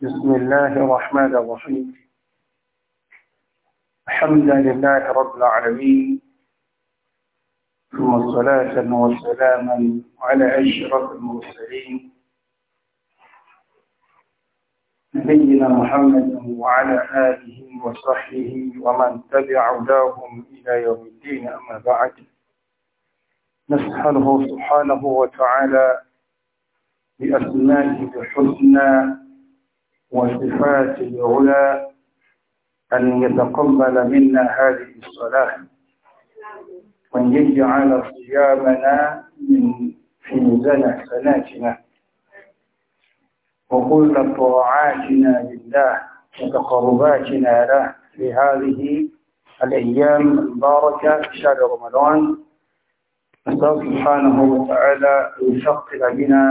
بسم الله الرحمن الرحيم الحمد لله رب العالمين ثم الصلاة وسلاما على أشرف المرسلين نبينا محمد وعلى آله وصحبه ومن تبع هداهم إلى يوم الدين أما بعد نسأله سبحانه وتعالى بأسمائه الحسنى وصفاته العلى أن يتقبل منا هذه الصلاة وأن يجعل صيامنا من في ميزان حسناتنا وكل طاعاتنا لله وتقرباتنا له في هذه الأيام المباركة في شهر رمضان نسأل سبحانه وتعالى أن يثقل بنا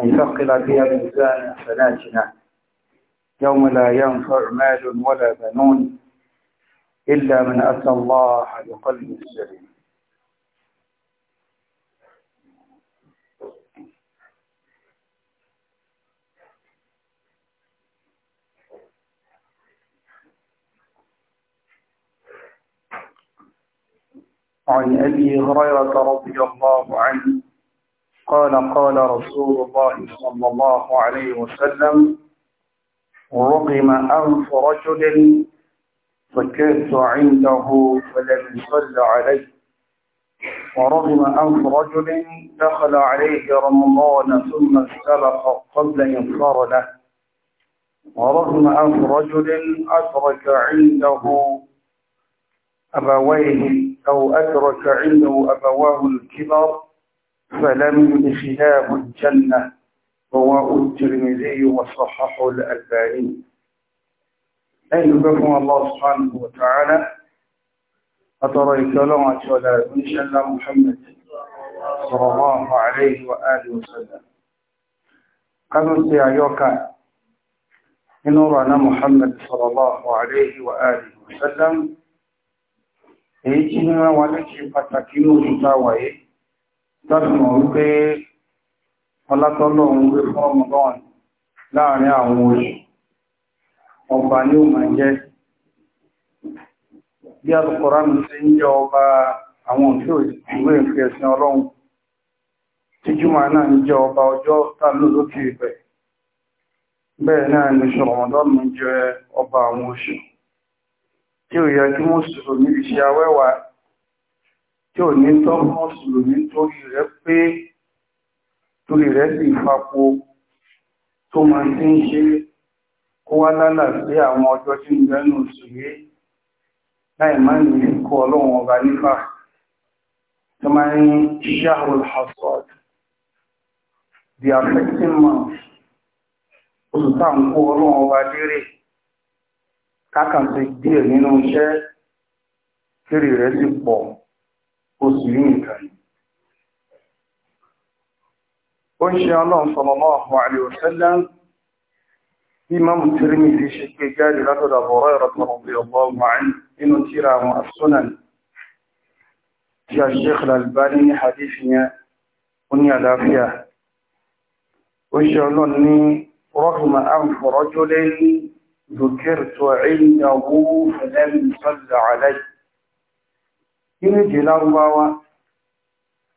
أن يثقل بها ميزان حسناتنا يوم لا ينفع مال ولا بنون إلا من أتى الله بقلب سليم عن أبي هريرة رضي الله عنه قال قال رسول الله صلى الله عليه وسلم رقم أنف رجل فكرت عنده فلم يصل عليه ورغم أنف رجل دخل عليه رمضان ثم استلق قبل إنصار له ورغم أنف رجل أدرك عنده أبويه أو أدرك عنده أبواه الكبر فلم يدخلاه الجنة رواه الترمذي وصححه الألباني أي بكم الله سبحانه وتعالى أترى كلمة ولا إن شاء الله محمد صلى الله عليه وآله وسلم قبل سيعيوك إن رأنا محمد صلى الله عليه وآله وسلم إيجينا ولكي فتاكينو جتاوي إيه؟ تلمو ọlátọ́lọ́ ń gbé fún ọmọdán láàrin àwọn oṣù ọba ní o máa jẹ́ bí sí ń ọba àwọn tí ìwé ìfẹ́ ọlọ́run tí náà ń jẹ́ ọba ọjọ́ tààlù lókè bẹ́ẹ̀ náà ni ṣọ̀rọ̀mọ̀dọ́nù jẹ́ ọba àwọn oṣù tí ó yẹ kí awẹ́wà tí ò ní tọ́ torí rẹ̀ sì fapo tó máa ti ń ṣe kó wá lálà sí àwọn ọjọ́ tí ń bẹ́nu òṣèré láì má ní kó ọlọ́run ọba nípa tó máa ń ṣáhùl hasad the affecting month rẹ̀ sì pọ̀ oṣù yìí nìkan yìí ó ń ṣe ọlọ́run sallallahu alaihi wasallam bí Imam Tirmidhi ṣe gbé jáde látọ̀dọ̀ Abu Hurairah radiyallahu anhu nínú tíra àwọn as-Sunan tí jẹ́ lárúbáwá?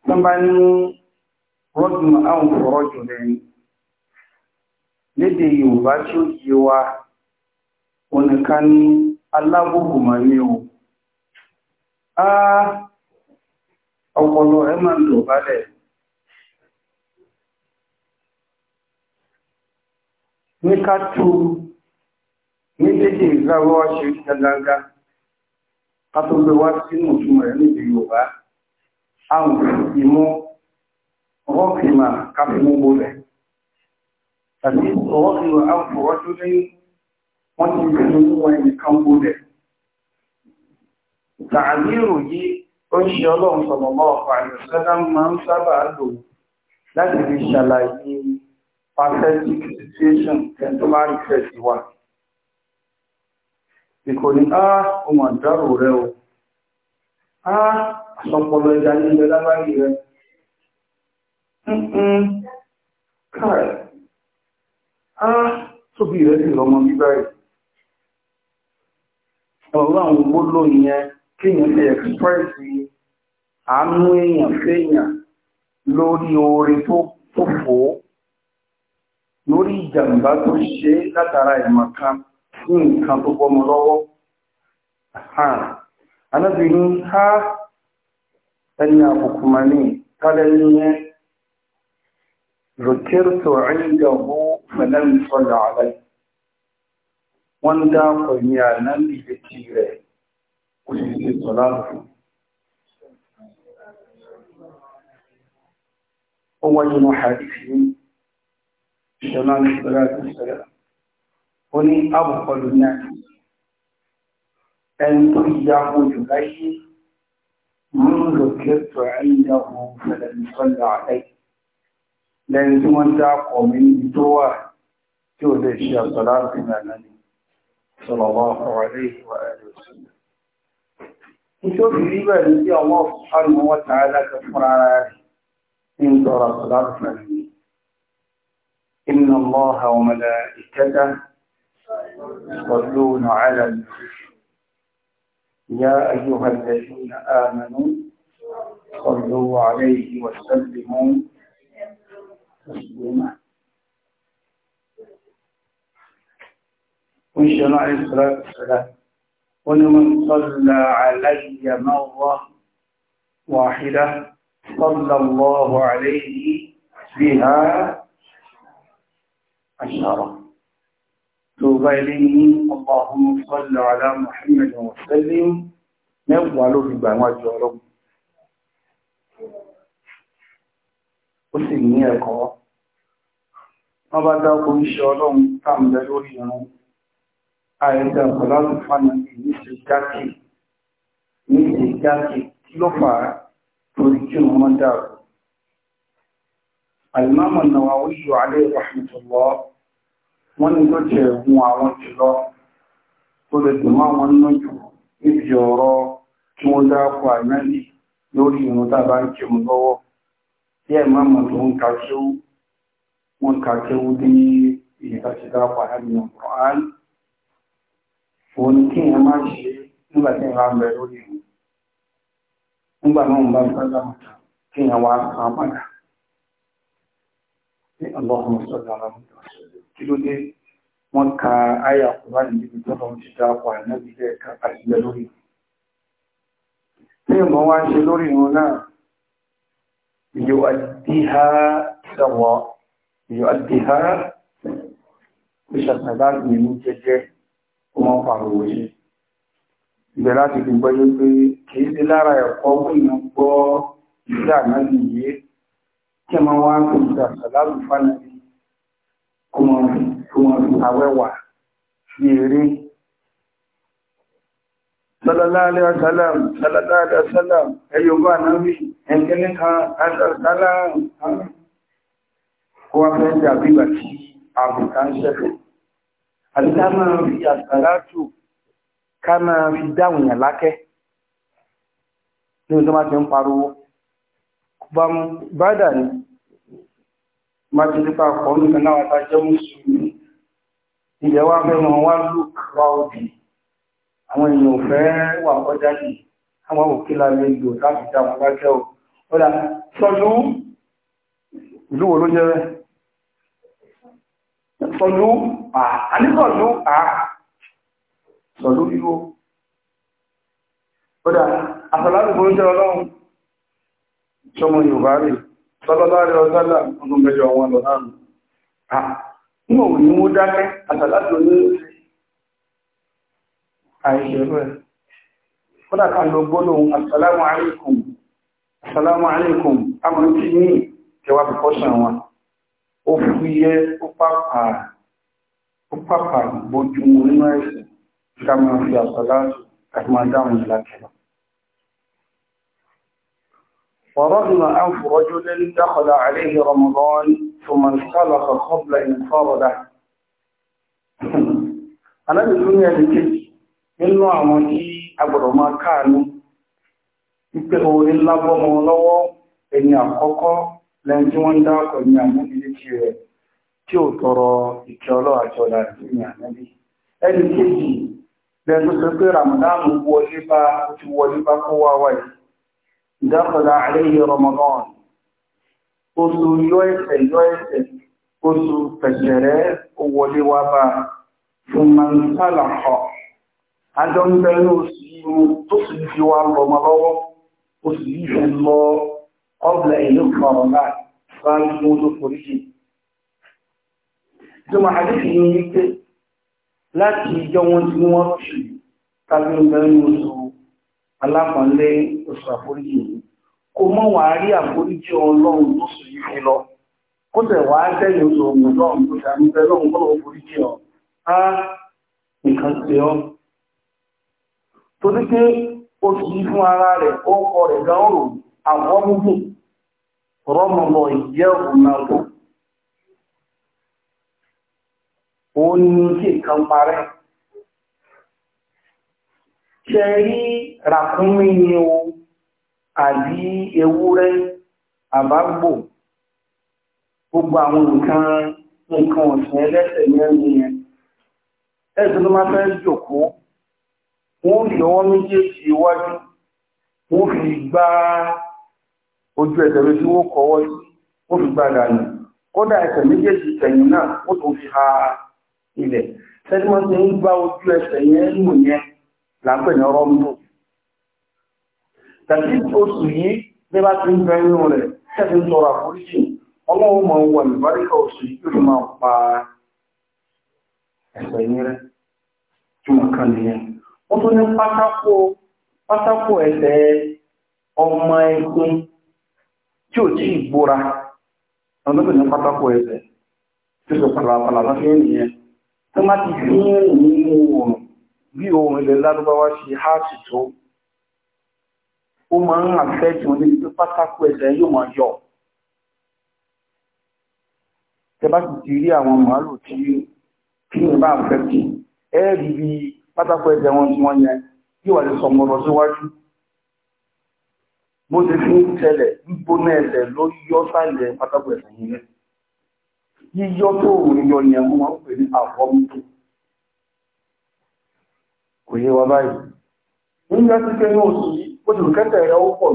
Tán bá ní rọ́jùn àwọn fọ́rọ́jùn lẹ́yìn lédè Yorùbá tí ó yé wa oníká ní alábòkù ma ní o a ọpọlọ ẹ máa ń lò bálẹ̀ ní ká tú ní lédè ìgbàwọ́ ṣe gagagá ká tó gbé wá sínú ìtumọ̀ rẹ̀ rọ́kìmà káfíwó bólẹ̀ tàbí rọ́kìmà áwọ̀ rọ́jú ní wọ́n ti bẹ̀rẹ̀ wọ́n ẹnìkan bólẹ̀ tààzírò yìí ó ń ṣe ọlọ́run sọ̀mọ̀mọ́ ọ̀pọ̀ àyọ̀sẹ́lá máa ń sábà lò láti fi ṣàlàyé pathetic situation temporary threat wà ìkòní á ọmọ àdárò rẹ o á àsọpọlọ ìdánilẹ́lábáyé rẹ káà á ah. tóbi rẹ̀ a lọ́mọ bíbá rẹ̀ ọ̀rọ̀ àwọn gbóló yẹn kíyàn lè ẹ̀kspẹ́sì àánú èèyàn lórí orí tó fò lórí ìjàmbá tó ṣe látara maka ní nǹkan tó bọ́mọ lọ́wọ́ ha ẹni ذكرت عنده فلم صل علي وان داق يا نبي بكير وسيدي صلاة هو من حديثين سلام الصلاة والسلام ولي أبقى الناس أن تجاه جليل من ذكرت عنده فلم صل عليه لأن تمن تعقم من توا تولي الشيخ صلى الله عليه وآله وسلم إنتو في الله سبحانه وتعالى كفر على إن دور صلى الله إن الله وملائكته يصلون على النبي يا أيها الذين آمنوا صلوا عليه وسلموا وإن شاء الله عليه الصلاة والسلام قل من صلى علي مرة واحدة صلى الله عليه بها عشرة توبى إليه اللهم صل على محمد وسلم نوع له في بمجرم ó sì ní ẹ̀kọ́ wọ́n bá dákò iṣẹ́ ọlọ́run tàbí lórí ìrún àìdá ọ̀làrùn fánàbí ní ṣe jákè ní ṣe jákè kí ló fà á torí kí wọ́n mọ́ dàrú Al-Imam An-Nawawi alayhi rahmatullah wọ́n ní tó jẹ́ ẹ̀gùn àwọn jùlọ tó lè dùn mọ́ àwọn nínú jù níbi ọ̀rọ̀ tí wọ́n dákò àìmẹ́lì lórí ìrún tàbí lọ́wọ́ tí ẹ̀ máa mọ̀ tó ń ka kéwú wọ́n ka kéwú dé ìyẹ̀kàṣẹ́dá pàdánù ọ̀rán òun kí ẹ̀ máa ṣe nígbà tí ẹ̀ máa ń bẹ lórí ìlú nígbà náà ń bá sábà kí ẹ̀ wá sàn padà ní ọlọ́run sọ́dọ̀ ọlọ́run kí ló dé wọ́n ka àyà kúrò níbi tó lọ́wọ́ ti dá pa náà ká àṣìlẹ̀ lórí ìlú. Tí ìmọ̀ wá ń ṣe lórí ìrún náà يؤديها إلى الله يؤديها بشكلات من جديد ومن فعلوه ìbẹ̀ láti fi gbọ́yé pé kìí sí lára ẹ̀kọ́ wíyàn gbọ́ ìdá náà yìí kí ma wá ń fi ìdàṣà lálùfánà kó ma fi àwẹ́wà sí eré sallallahu alaihi wasallam sallallahu alaihi wasallam ẹ̀yọ̀gbọ́ ànábì ẹ̀kẹ́lẹ́ kan àṣàṣàlá wọ́n fẹ́ jàbí bàtí àbùkà ń ṣẹ́fẹ́ àti ká máa fi àṣàlátù ká máa fi dáhùn yàn lákẹ́ ní ọjọ́ máa ti ń pariwo bádà ni máa ti nípa ọkọ̀ nìkan náà wáta jẹ́ mùsùlùmí ilẹ̀ wá fẹ́ mọ̀ wá lùkọ́ àwọn èèyàn ò fẹ́ wà kọjá ní àwọn òkè lálẹ́ ìlò láti dá wọn bákẹ́ ò ọ̀dà sọ́lú ìlú wo ló jẹ́ rẹ̀ sọ́lú àníkọ̀lú à sọ́lú ìlú ọ̀dà àtàlátìkò ń jẹ́ ọlọ́run sọmọ Yorùbá rẹ̀ sọ́lọ́lárẹ̀ ọ̀sálà ọdún mẹ́jọ wọn lọ náà àìṣèrú ẹ̀ kódà kan ló gbólóhùn assalamu alaikum assalamu alaikum amọ̀ tí ní kẹwàá pẹ̀kọ́ṣàn wọn ó fúyẹ́ ó pàpà gbójú nínú ẹ̀sìn ká máa fi àsọ̀lá àti máa dáhùn ìlàkẹ̀lọ́ ورغم أنف رجل دخل عليه رمضان ثم انسلخ قبل إنفاض له أنا بسنية لكي nínú àwọn tí agbọ̀dọ̀ máa káàánú wípé orí lábọ́mọ lọ́wọ́ ẹni àkọ́kọ́ lẹ́yìn tí wọ́n ń dákọ̀ ní àmúlilé ti rẹ̀ tí ó tọrọ ìkẹ́ àti ọ̀dà sí ní ẹni kéjì lẹ́nu sọ pé Ramadan wọlé bá ti wọlé bá kó wá wáyé Ramadan oṣù yọ ẹsẹ̀ yọ ẹsẹ̀ oṣù pẹ̀sẹ̀rẹ́ ó wọlé àjọ ń bẹ inú oṣù yìí tó sì fi wá lọ́mọ lọ́wọ́ oṣù yìí fi lọ ọ̀bùlẹ̀ ìlú kọ̀ọ̀rọ̀ náà sáájú mú láti ìjọ wọn tí wọ́n rọ̀ṣù tàbí ń bẹ inú oṣù alápọ̀nlé oṣù kò lọ kó tẹ̀ oṣù tó lọ́run kọ́ lọ́wọ́ foríjì ọ̀ á torí pé ó fi yí fún ara rẹ̀ ó kọ rẹ̀ gan rò àwọn múgbò rọ́mọmọ ìjẹ́ òmìnàgbò ó ní kí nǹkan parẹ́ ṣe rí ràkúnmí o àbí ewúrẹ́ àbágbò gbogbo àwọn nǹkan nǹkan ọ̀sìn ẹlẹ́sẹ̀ mẹ́rin yẹn ẹ̀sùn ló máa fẹ́ jòkó wọ́n fi ọwọ́ méjèèjì iwájú wọ́n fi gbá ojú ẹsẹ̀ méjì wọ́n kọwọ́ sí wọ́n fi gbá dànù kódà ẹsẹ̀ méjèèjì tẹ̀yìn náà wọ́n tó fi ha ilẹ̀ sẹ́gbọ́n ti ń gbá ojú ẹsẹ̀ yẹn nù yẹn lápẹ̀ ní ọrọ̀ mú tàbí oṣù yìí bí bá ti ń bẹ nínú rẹ̀ tẹ́sí ń tọrọ àforíjì ọlọ́run mọ̀ ń wà lùbáríkà oṣù yìí tó máa pa ẹsẹ̀ yẹn rẹ̀ túmọ̀ kan nìyẹn ó tún ní pátákó pátákó ẹsẹ̀ ọmọ ẹgbẹ́ tí ò tí ìgbóra ọdún ní pátákó ẹsẹ̀ tí ó sọ pàlàpàlà lọ́fẹ́ ènìyàn tó má ti fi ń rìn ní oòrùn bí oòrùn ilẹ̀ lárúbáwá ṣe háàsì tó ó máa ń àfẹ́ tí wọ́n níbi tó pátákó ẹsẹ̀ yóò máa yọ tẹ bá sì ti rí àwọn màálù tí kí ni bá fẹ́ kí ẹ rí bíi pátákó ẹ̀jẹ̀ wọn tí wọ́n yẹn yíwà lè sọ mọ̀rọ̀ síwájú bó ṣe fi ń gbígbóná ẹsẹ̀ ló yọ sálẹ̀ pátákó yìí rẹ̀ tó òun yọ yẹn wọ́n máa pè ní àfọ́mùtò kò yé wa báyìí nígbà tí ó ti kẹ́tẹ̀ ó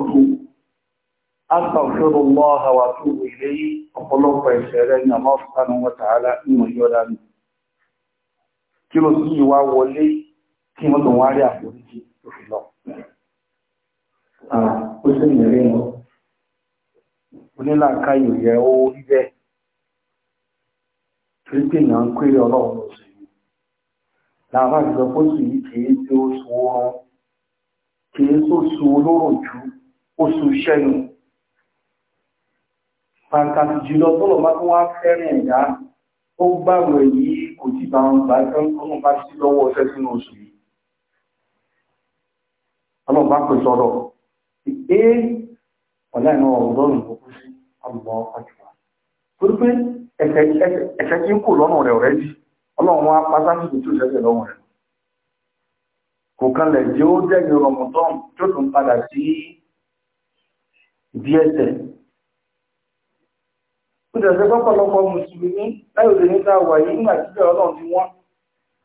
ní kí wọ́n tó wọ́n àforíjì tó lọ. ó sì nìrí lọ onílànká ìròyìn ó rí bẹ́ẹ̀ fílípì náà ń pèrè ọlọ́run lọ́sọ̀ yìí làwọn àjọ fóṣù yìí kì í ṣe oṣù oorun kì í ṣoṣù olóró ju oṣù ṣẹ́nu pàtàkì jùlọ tó lọ́ba tó wá fẹ́ràn ẹ̀dá ó gbàgbọ́ yìí kò tí bá wọn gbà tó ń bá sí lọ́wọ́ ọ̀sẹ̀ sínú oṣù yìí ọlọ́run bá pè sọ́dọ̀ pé ọ̀la ìnáwó ọ̀dọ́rùn ló kú sí àbúgbọ́ àjùwà torí pé ẹ̀fẹ́ tí ń kù lọ́rùn rẹ̀ ọ̀rẹ́ jì ọlọ́run wá pátá ní ìtú ìṣẹ́fẹ́ lọ́rùn rẹ̀ kò kanlẹ̀ tí ó dẹ́yìn rọmọdọ́n tí ó tún padà sí ìdí ẹsẹ̀ ó dẹ̀ sẹ́ pọ́pọ̀lọpọ̀ mùsùlùmí láyò lè níta wà yìí nígbà tí bẹ́ẹ̀ ọlọ́run ti wọ́n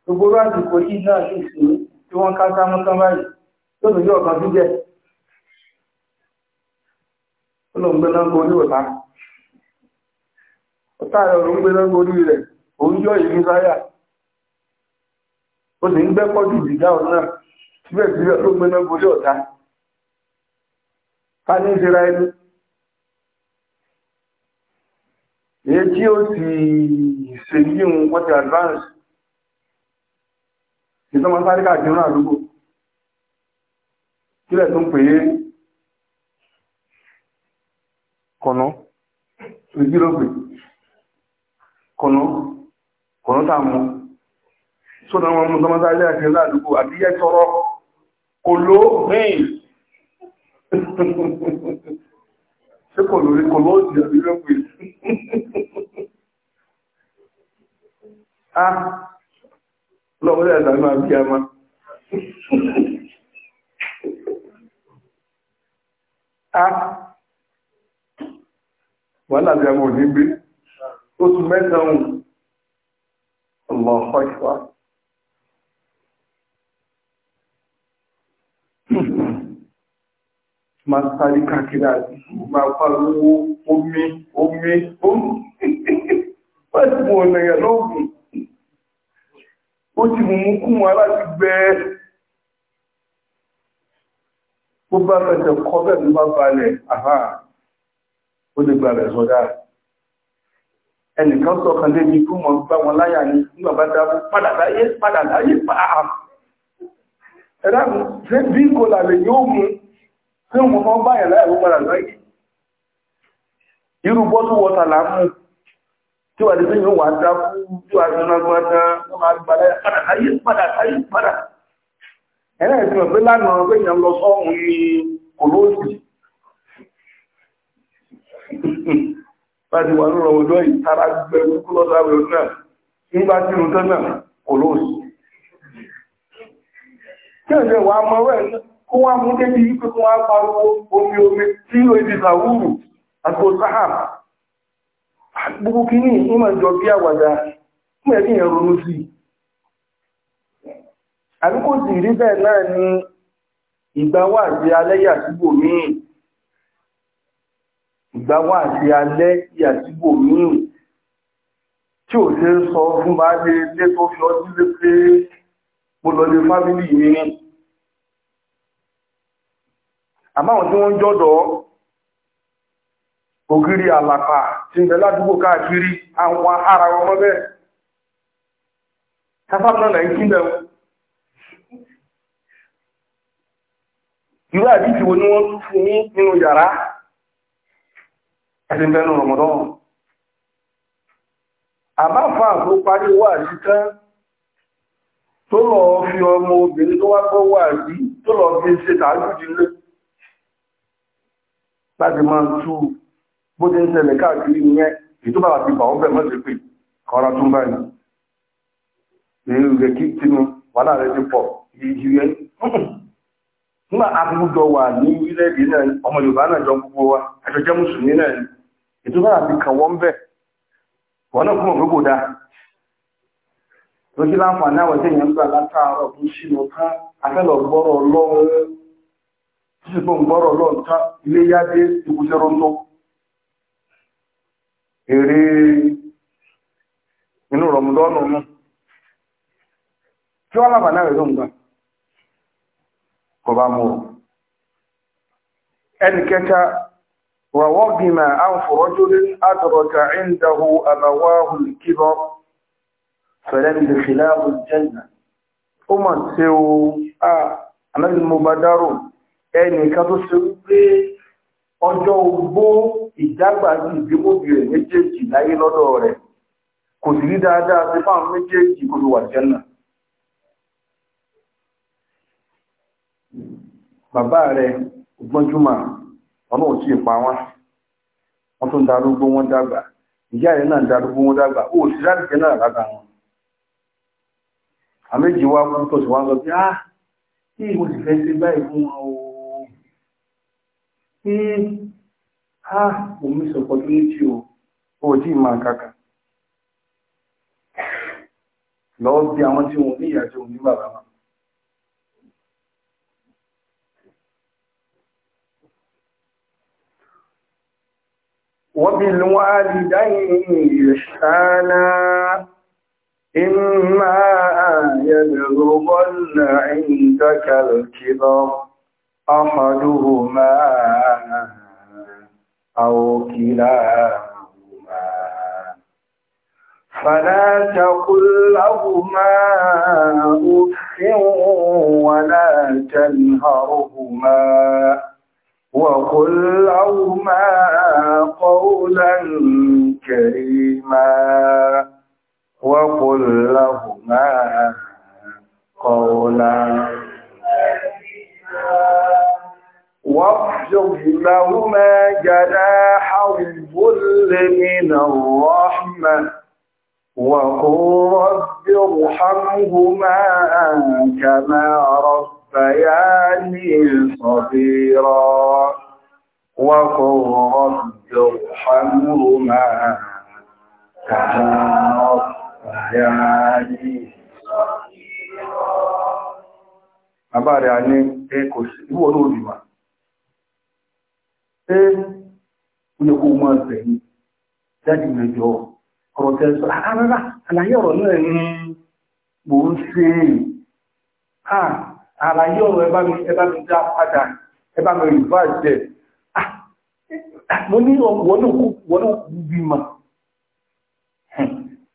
gbogbo ráàdì kò yìí náà ní ìsinmi tí wọ́n ká sámú sámáyìí lónìí ní ọ̀kan jíjẹ́ ó lọ ń gbé lọ́gbọ́ orí ọ̀tá ọ̀tá rẹ̀ ò orí rẹ̀ ìlú sáyà sì ń ọ̀nà síbẹ̀síbẹ̀ ló gbé lọ́gbọ́ orí ọ̀tá ká ní ìṣera ẹni èyí tí ó sì ṣe wọ́n ti advance kílẹ̀ tó ń pè é kọ̀nà ìgbìlọ́pẹ̀ kọ̀nà kọ̀nà tàà mú sódà wọn mú tọmọ́ta ilé àti ilé àdúgbò àti yẹ́ tọrọ kò ló rìn ṣe kò lórí kò ló jẹ́ ìgbìlọ́pẹ̀ ah lọ́wọ́lẹ́ ẹ̀dà náà bí i a ah. wọ́n láti àwọn òní gbé oṣù mẹ́ta ohun ọlọ́ọ̀kọ́ ìfà ma sáré kàkiri àti ma pariwo omi omi omi wọ́n ti ọ̀nà ìyàlọ́gùn ó ti mú mú kún wọn láti gbẹ́ẹ̀ bó bá bẹ̀rẹ̀ kọ́ bẹ̀rẹ̀ bá balẹ̀ àhá ó lè gbà rẹ̀ sọ́dá ẹnìkan sọ kan lébi fún wọn bá wọn láyà ní nígbàbá dábú padà láyé padà láyé pàá ẹ̀dá ṣe bí kò lálẹ̀ yóò mú tí wọn mọ́ báyà láyà ló padà láyé irú bọ́tú wọ́ta là ń mú tí wà ní pé yóò wà dábú tí wà ní ọgbọ́n tán wọ́n máa gbà padà láyé padà ẹ̀rẹ́ ẹ̀sìn ọ̀gbẹ́ lánàá pé èèyàn lọ sọ́hun ní kòlóòsì láti wà lọ́rọ̀ ọjọ́ ìtara gbẹ̀rún kúlọ́sáwẹ̀ náà nígbà tí ó tán náà kòlóòsì kí ẹ̀jẹ̀ wà mọ́ rẹ̀ kó wá mú kébi wá omi omi tí ó àbí kò sì rí bẹ́ẹ̀ náà ní ìgbà wà alẹ́ yàtúbò míì ìgbà wà alẹ́ yàtúbò míì tí ò ṣe ń sọ fún bá lé lé tó fi ọdún lé pé mo lọ lé fámílì mi ní àmáwọn tí wọ́n ń jọ́dọ̀ ògiri àlàpà tí ara bẹ́ẹ̀ sáfàmì náà irú àdíjì wo ní wọ́n fún ní nínú yàrá ẹ̀sìn bẹnu rọmọdán àbáfà tó parí wà sí tán tó lọ fi ọmọ obìnrin tó wá gbọ́ wà sí tó lọ fi ṣe tààjújì lé láti máa tú bó ti ń ṣẹlẹ̀ káàkiri ìyẹn ìtúbà àti bàwọ́ bẹ̀ mọ́sí pé kọ́ra tún báyìí èyí rẹ̀ kí tinú wàhálà rẹ̀ ti pọ̀ yìí yìí rẹ̀ nígbà abúrúdọ wà ní orílẹ̀-èdè náà ọmọ Yorùbá náà jọ gbogbo wa àjọ jẹ́ mùsùlùmí náà ni ìtura àti kàn wọ́n bẹ̀ wọ́n náà kúrò gbogbo dáa tó láǹfààní àwọn tí èèyàn gbà látàárọ̀ tó tán gbọ́rọ̀ tó sì gbọ́n gbọ́rọ̀ tán ilé rọ́ńtọ́ inú rọ̀mùdọ́nù kí wọ́n kọba mú ẹni kẹta wà wọ́gìmà án fòrọ́júlé àtọ̀rọ̀ta ìndahu àbáwáhù kíbọ̀ fẹ̀lẹ́mìdì fìlàbù jẹ́nà ó mọ̀ tí ó à anábì mo bá dárò ẹni ká tó ṣe wípé ọjọ́ ogbó ìdágbà ní ìdímóbi rẹ̀ méjèèjì láyé lọ́dọ̀ rẹ̀ kò sì rí dáadáa sí fáwọn méjèèjì kò wà jẹ́nà bàbá rẹ̀ ògbọ́njúmọ̀ ọ̀nà tí ì pa wọn wọ́n tún darúgbó wọn dàgbà ìyá rẹ̀ náà darúgbó wọn dàgbà ó sì láti náà lára wọn àméjì wá wọn tó sì wá lọ bí á tí mo sì fẹ́ sí báyìí fún wọn o tí á ah, mo mí tó ní tí o ó tí ì máa kàkà lọ́ọ́ bí àwọn tí wọn ní ìyá ní bàbá wọn وبالوالدين إحسانا إما أن يبلغن عندك الكبر أحدهما أو كلاهما فلا تقل لهما أف ولا تنهرهما وقل لهما قولا كريما وقل لهما قولا واخفض لهما جناح الذل من الرحمة وقل رب ارحمهما كما رب ربياني صغيرا وقل رب ارحمهما كما ربياني Bàbá rẹ̀ ní ẹkò ìwò ní òdìwà. Ṣé oye kó mọ́ ẹ̀sẹ̀ yìí, jáde mẹ́jọ ọ̀rọ̀ tẹ́sọ̀, àárá, àlàyé ọ̀rọ̀ náà ní àlàyé ọ̀rọ̀ ẹbá mi ẹbá mi dá padà ẹbá mi rí bá jẹ́ mo ní wọnú wọnú bí ma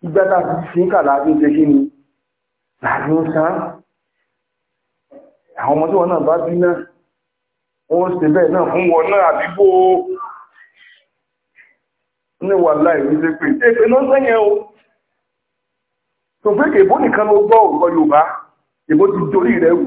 ìgbàdà fi ń kà láàrin jẹ́ kí ni láàrin ó sáá àwọn ọmọ tí wọ́n náà bá bí náà wọ́n ṣe bẹ́ẹ̀ náà fún wọn náà àdúgbò ní wà láì ní ṣe pé èpè ló ń o tó pé kèbó nìkan ló gbọ́ òkọ Yorùbá èbó ti dorí rẹ̀ wù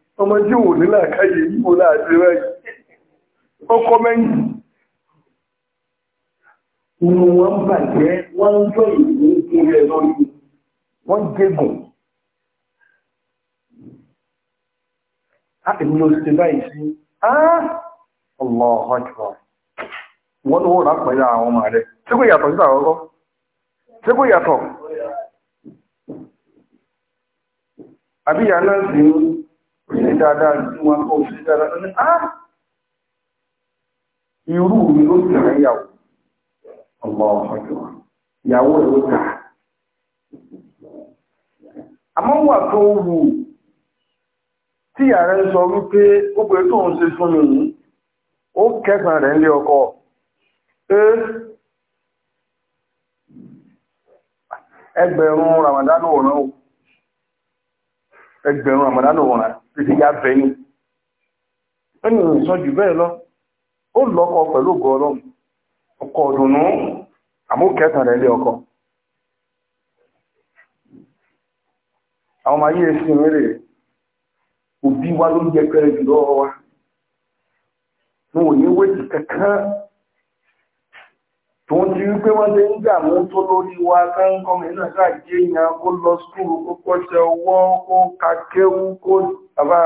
ọmọ tí wò ní làkáyè yíò láti rẹ̀ ọkọ̀ mẹ́yìn inú wọn bàjẹ́ wọ́n ń jọ ìlú ìkún lórí wọ́n láti ló ṣe báyìí sí ọlọ́ọ̀họ́jọ́ wọ́n ló rà pẹ̀lú àwọn ọmọ rẹ̀ tí kò yàtọ̀ tí kò yàtọ̀ àbíyà náà sì ń òṣèré dáadáa tí wọ́n kọ́ òṣèré ndị ní á irú mi ló sì rẹ̀ yàwó ọmọ àmọ́ wà tó wù tí ààrẹ ń sọ wípé gbogbo ètò òun ṣe fún mi ó kẹsàn rẹ̀ ń ọkọ ẹgbẹ̀rún ramadan òran ẹgbẹ̀rún ramadan òran títí ya bẹ ní ẹni ìsọ jù bẹ́ẹ̀ lọ ó lọ́kọ pẹ̀lú ògo ọlọ́run ọkọ ọ̀dùnnú rẹ̀ lé ọkọ àwọn ayé sí mẹ́rẹ̀ òbí wa ló jẹ́ pẹ́rẹ́ wa mo ò ní wéjì tó ń ti wípé wọ́n ti ń gbà mú tó lórí wa káńkọ́mì náà káàkiri èèyàn kó lọ skúrù kó kọ́ṣẹ́ ọwọ́ kó kakéwú kó bàbá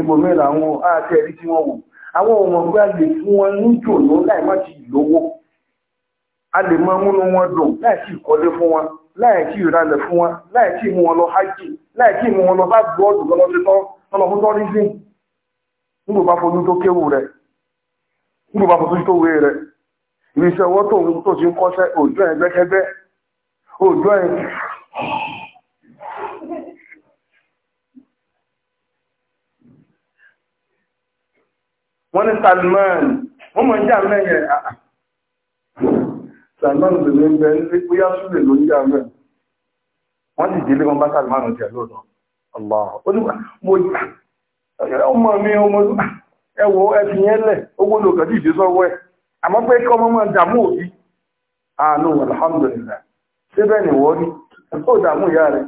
ibòmí làwọn àti ẹ̀rí tí wọ́n wò àwọn ọmọ gbá lè fún wọn ní jòló láì má ti lówó a lè mọ múnú wọn dùn láì sí ìkọ́lé fún wọn láì sí ìralẹ̀ fún wọn láì sí mú wọn lọ hájì láì sí mú wọn lọ bá gbọ́ọ̀dù lọ́lọ́sítọ́ lọ́lọ́fún tọ́rísìn nígbò bá fojú tó kéwù rẹ̀ nígbò bá fojú tó wé rẹ̀ iṣẹ́ ọwọ́ tó ń tó ti ń kọ́ṣẹ́ òjò ẹ̀ gbẹ́kẹ́gbẹ́ òjò ẹ̀ wọ́n ní Salman wọ́n mọ̀ ń jà mẹ́yẹ Salman lè ní bẹ ní bóyá súlè ló ń jà mẹ́ wọ́n sì délé wọn bá Salman jẹ lóòótọ́ Allah onígbà mo ọmọ mi ọmọ ẹwọ ẹfìyẹn lẹ owó lòkàdì ìdésọwọ́ ẹ̀ àmọ́ pé kọ́ mọ́mọ́ dàmú òbí àánú alhamdulillah síbẹ̀ ni wọ́n rí ẹ̀kọ́ ìdàmú ìyá rẹ̀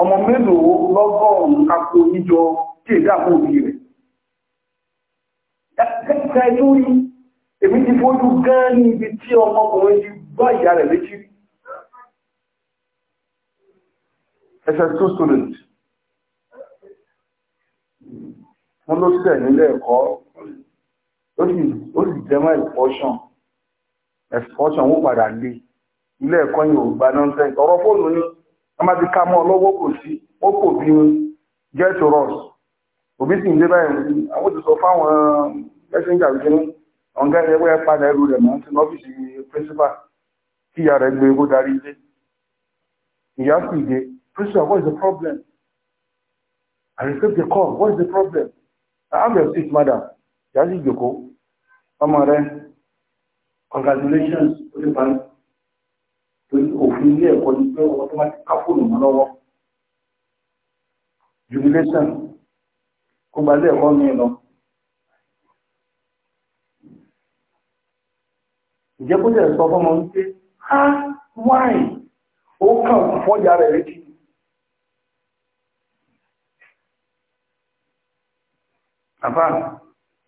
ọmọ mélòó lọ́gọ́rùn-ún kápò níjọ tí ìdàmú òbí rẹ̀ ẹ̀kẹ́ lórí èmi ti fojú gán ní ibi tí ọmọkùnrin ti gbọ́ ìyá rẹ̀ létí ẹsẹ̀ two students wọ́n ló sẹ̀ nílẹ̀ ẹ̀kọ́ ó sì ó sì jẹ́ mọ́ expulsion expulsion ó padà lé ilé ẹ̀kọ́ yìí ò gba nonsense ọ̀rọ̀ fóònù ni wọ́n bá ti ká mọ́ ọlọ́wọ́ kò sí ó kò bí get to us òbí sì ń dé báyìí àwọn ti sọ fáwọn messenger wípé ọ̀gá ẹgbẹ́ padà ẹrù rẹ̀ mọ́ sínú ọ́fíìsì principal tí ìyá rẹ̀ gbé owó darí ilé ìyá sì dé principal what is the problem I received the call what is the problem I am your sick mother. ìyá sì jòkó ọmọ rẹ congratulations orí parí torí òfin ilé ẹ̀kọ́ ní pé ọwọ́ tó máa ti ká fóònù mọ́ lọ́wọ́ jubilation kó gba ilé ẹ̀kọ́ mi lọ ìjẹ́ sọ fọ́mọ wípé ha wáìn ó kàn fọ́jà rẹ̀ létí àbá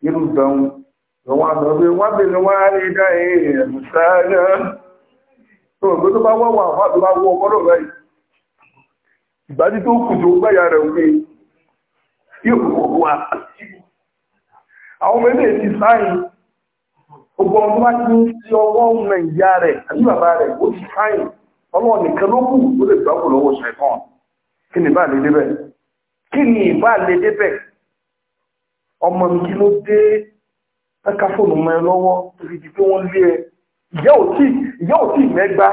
irú bẹ̀rún lọ́wọ́ àtọ́gbé wọ́n bí ní wọ́n rí dá èèyàn tó kù tó gbáyà rẹ̀ wé yóò wọ́wọ́ wá àwọn ọmọ ti sáyìn gbogbo ọmọ bá ti ń sí ọwọ́ ọmọ rẹ̀ àbí bàbá rẹ̀ ó ti sáyìn ọlọ́wọ́ nìkan ló kù ó lè gbákò lọ́wọ́ ṣàìfọ́n kí ni ká fóònù mọ́ ẹ lọ́wọ́ torí di pé wọ́n lé ẹ ìyá ò tí ìyá ò tí mẹ́gbà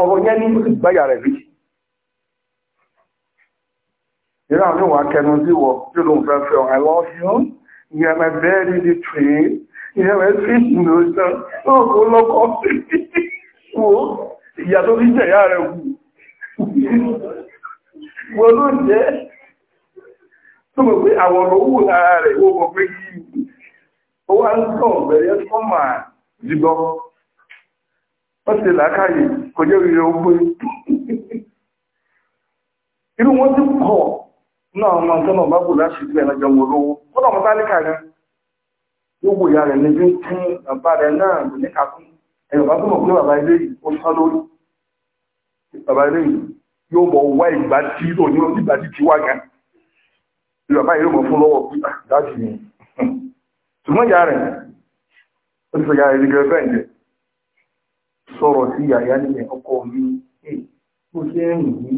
ọ̀rọ̀ yẹn ní ó sì gbáyà rẹ̀ àwọn ìwà kẹnu sí wọ tí ló ń fẹ́ fẹ́ I love you ìyá my bed in the ìyá my street in the ocean ó lọ́kọ́ wo ìyá tó fi jẹ̀yà rẹ̀ wù wọ́n ló jẹ́ tó mọ̀ pé àwọn ọ̀rọ̀ wù lára rẹ̀ ó mọ̀ pé yìí ó wá ń tàn bẹ̀rẹ̀ kọ́ máa jùlọ wọ́n ti làákàyè kò jẹ́ rírẹ ogbé irú ti pọ̀ náà ọmọ tọ́nà bá bù láti ìgbẹ̀ ẹ̀nàjọ wò lówó wọ́n náà mọ́tá níkà rẹ̀ yóò wò ìyá rẹ̀ níbi fún bàbá rẹ̀ náà lò ní kàkún ẹ̀yọ̀ bá tó pé bàbá ilé yìí ó sá lórí bàbá ilé yìí yóò mọ̀ wá ìgbà tí òní ìgbà tí ti wá gan ìlú bàbá yìí yóò mọ̀ fún lọ́wọ́ pípa ah, dájú ni ṣùgbọ́n ìyá rẹ̀ ó ti fẹ̀yà rẹ̀ gẹ̀rẹ̀ fẹ́ ìjẹ́ sọ̀rọ̀ sí yàyà nílẹ̀ ọkọ mi ó ṣe ń rìn ní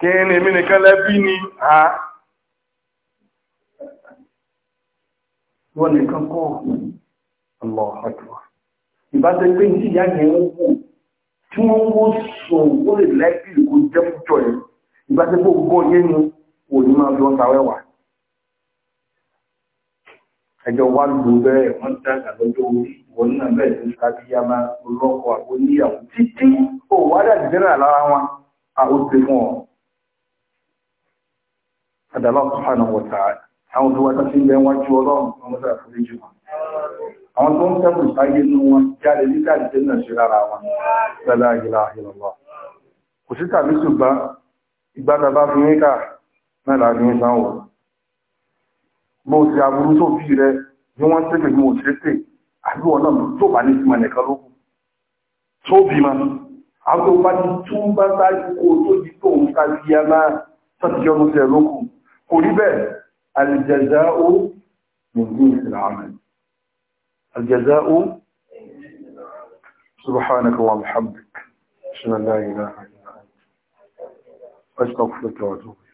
kí ni èmi nìkan lẹ́bí ni a wọ́n nìkan kọ́ Allah àtúwà ìbáṣẹ́ pé ní ìyá yẹn ń wò tí wọ́n wó sọ ó lè lẹ́bí kó jẹ́ fújọ yẹn ìbáṣẹ́ pé ó gbọ́ yé ni òní máa fi ọ́ta wẹ́wàá ẹjọ́ wá lò bẹ́ẹ̀ wọ́n dàgbà lọ́jọ́ orí ìwọ̀n náà bẹ́ẹ̀ tó ṣàkíyà máa lọ́kọ̀ àbó níyàwó títí ó wá dà jẹ́rà lára wọn àwọn òṣèré fún ọ. Adàlọ́ Sùhánà wọ̀tà àwọn tó wá tó ti ń bẹ wájú ọlọ́run tó ń fún ìjù Àwọn tó ń tẹ́kù sáyé nú wọn jáde ní káàdìdé náà ṣe lára wọn. Lálá ìlà ìlọ́lọ́. Kò sí tàbí ṣùgbọ́n ìgbà tàbá fi ń kà náà láti ń sanwó mo ti aburú tó bí rẹ bí wọ́n tẹ́kẹ̀ bí mo ṣe tẹ́ àbíwọ̀ náà tó bá ní ìsinmi nìkan ló kù tó bí ma àwọn tó bá ti tún bá sáájú kó tó di tó ń ká sí ya máa tọ́tí jọ́ lóṣẹ̀ kò rí bẹ́ẹ̀ àlìjẹ̀dá ó nìyí ìsìnà àmì àlìjẹ̀dá ó subhanaka wa bihamdik ṣe na la ilaha illa anta astaghfiruka wa atubu